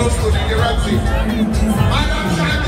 close to the Red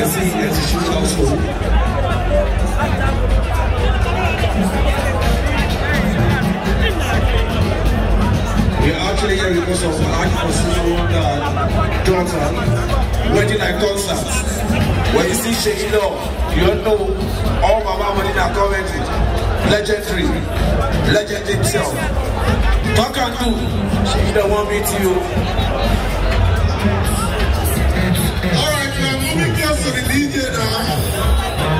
can see it's a huge household. We're actually here because of Alhaji Fasilu and Jonathan wedding and concerts. When you see Sheikh Law, you don't know all my Mama our commented. Legendary, legend himself. Talk and do. Sheikh Law want me you. to the DJ now.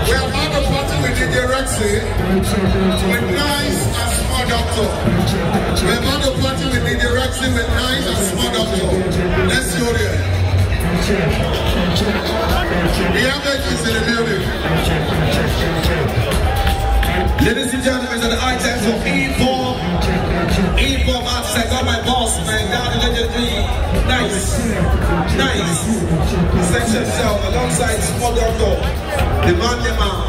We have had a party with DJ Rexy with Nice and smart Doctor. We have had a party with DJ Rexy with Nice and smart Doctor. Let's go there. We have legends in the building. Ladies and gentlemen, it's the items of Eve. introduce himself alongside small doctor, the manly man,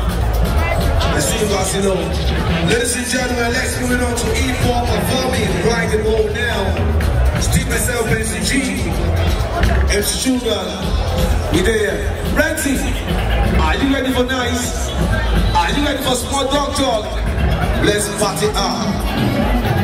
Mr. Barcelona. Ladies and gentlemen, let's move on to E4 performing right and roll now. Steve myself, MCG, and Sugar. We there. Renty, are you ready for nice? Are you ready for small doctor? Let's party out.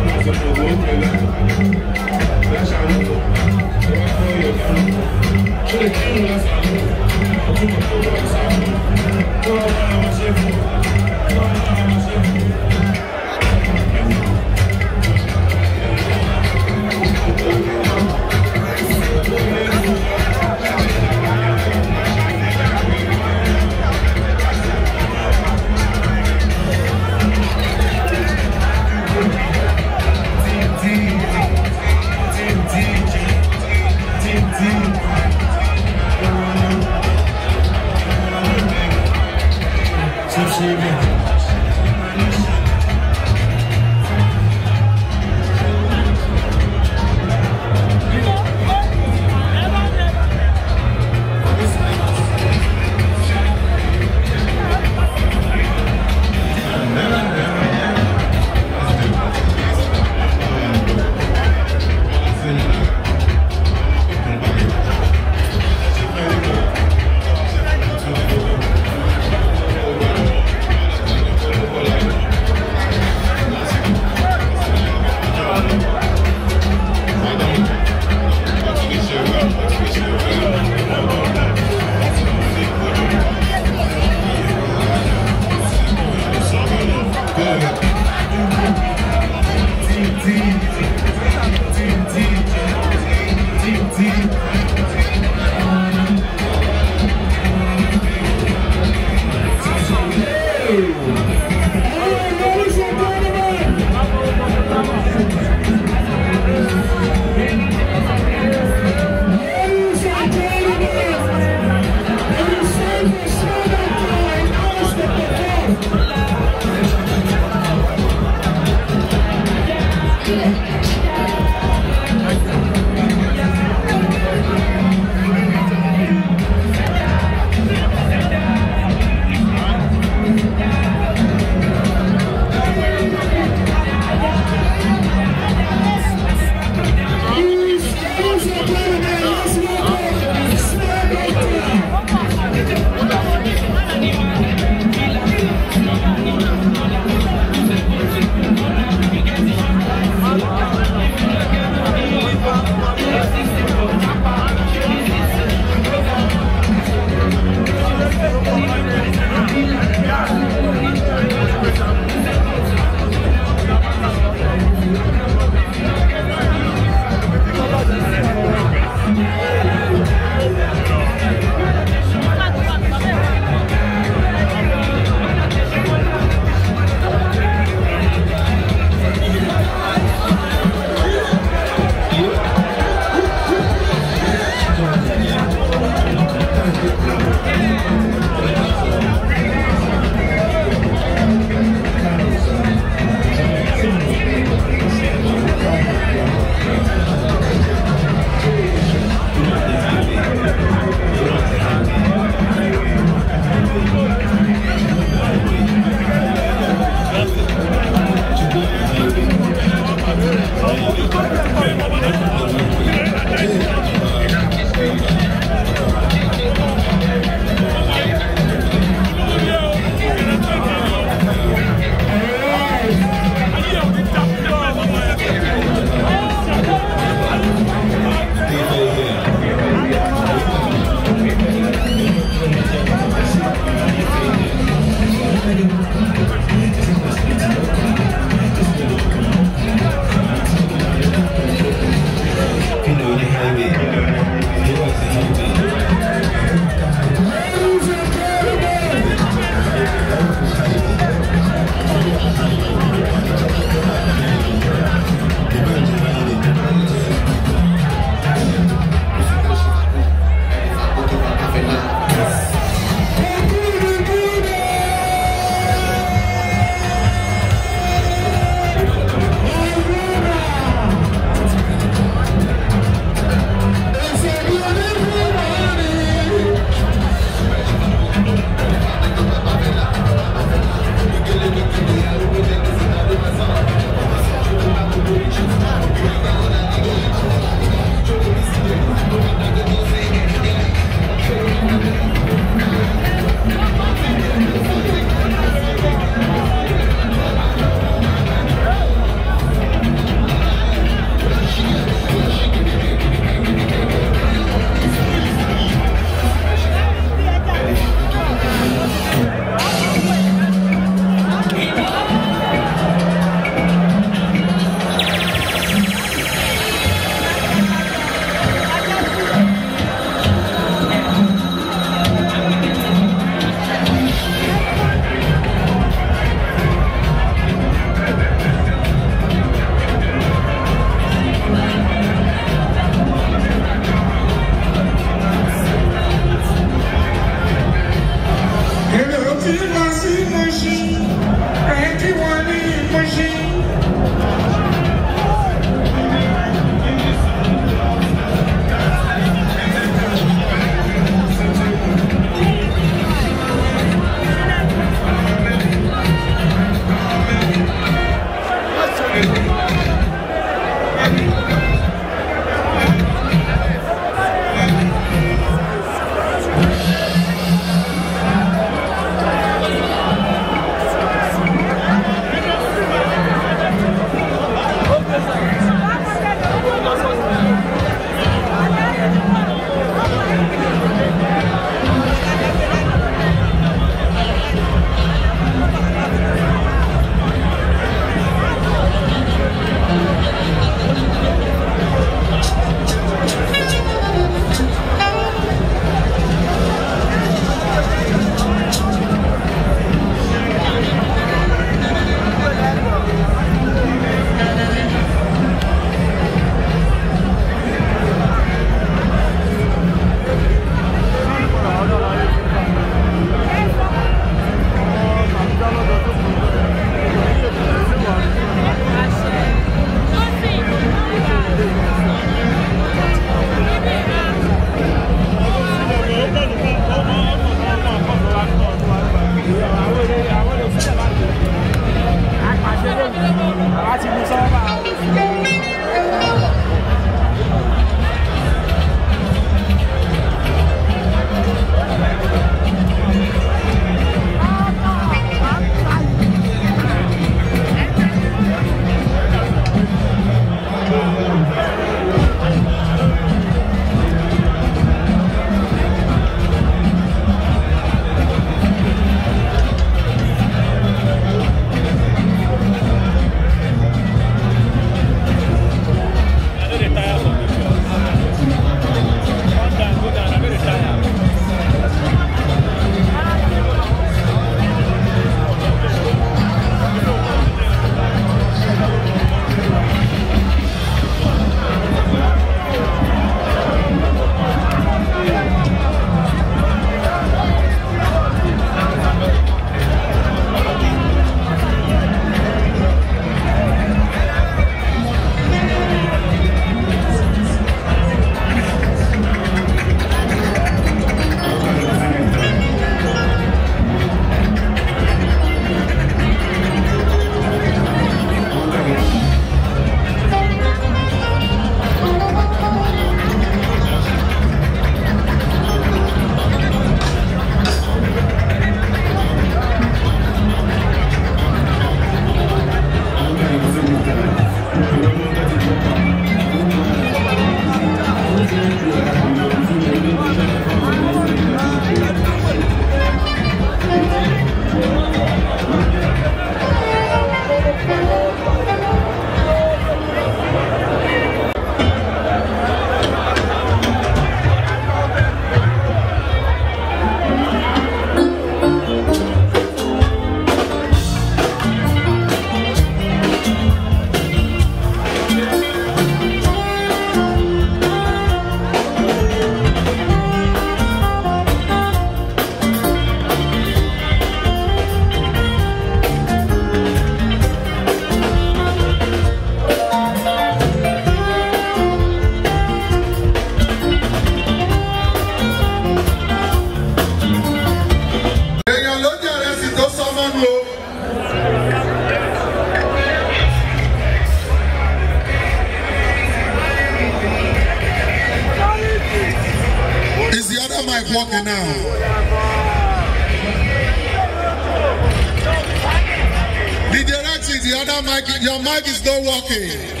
Okay.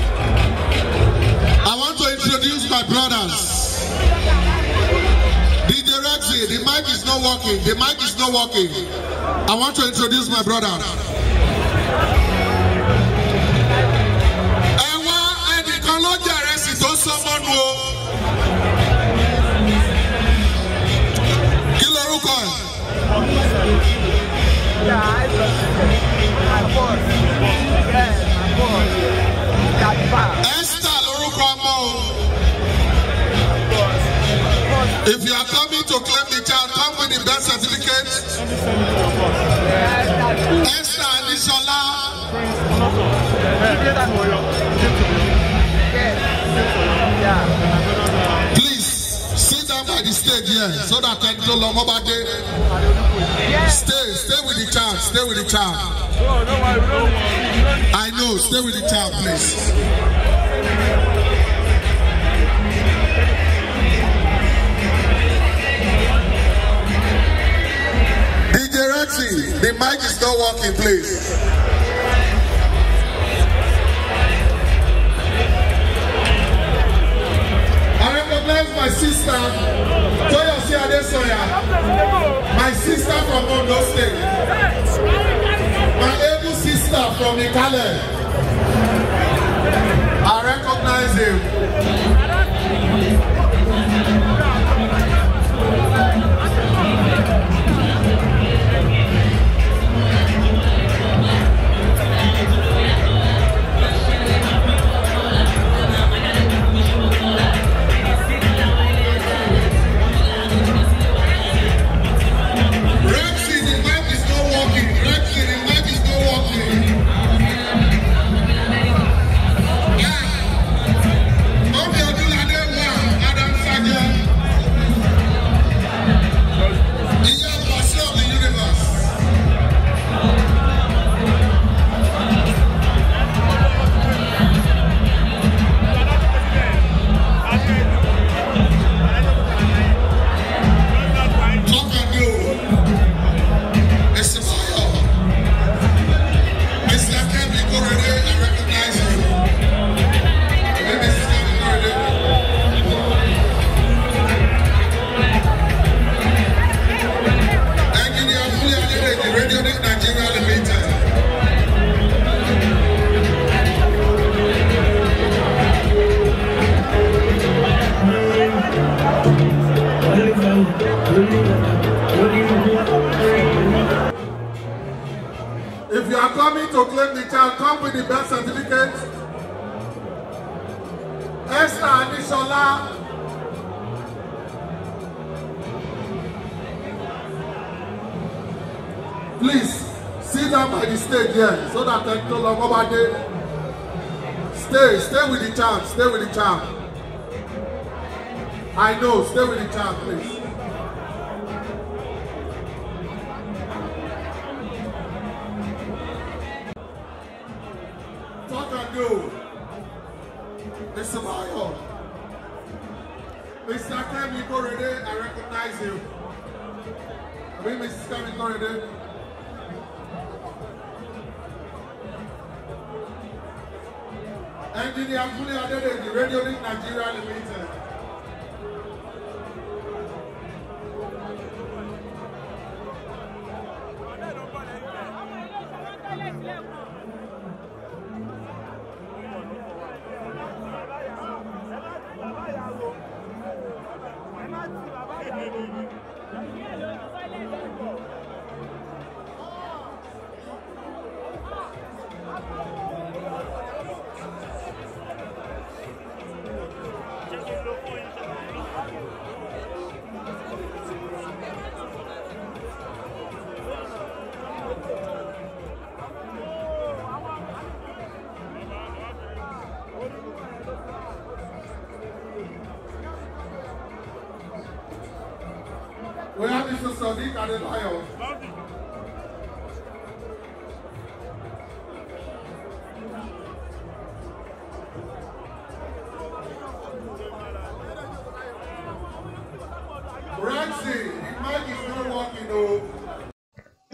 I want to introduce my brothers. DJ Rexy, the mic is not working. The mic is not working. I want to introduce my brothers. yẹn so that I tó lọ ọmọ bá stay stay with the child stay with the child I know stay with the child please. DJ Rexy, the mic is not working, please. I recognize my sister. Bolaji Adesoya, my sister from Ondo State, my able sister from Ikale. I recognize him. Esther Adéṣọlá. Please sit down by the stage here so that I can love over there. Stay, stay with the child, stay with the child. I know, stay with the child, please. Engineer Kule Adede, the Radio Link Nigeria Limited. ويعني في الصديق على الحيوان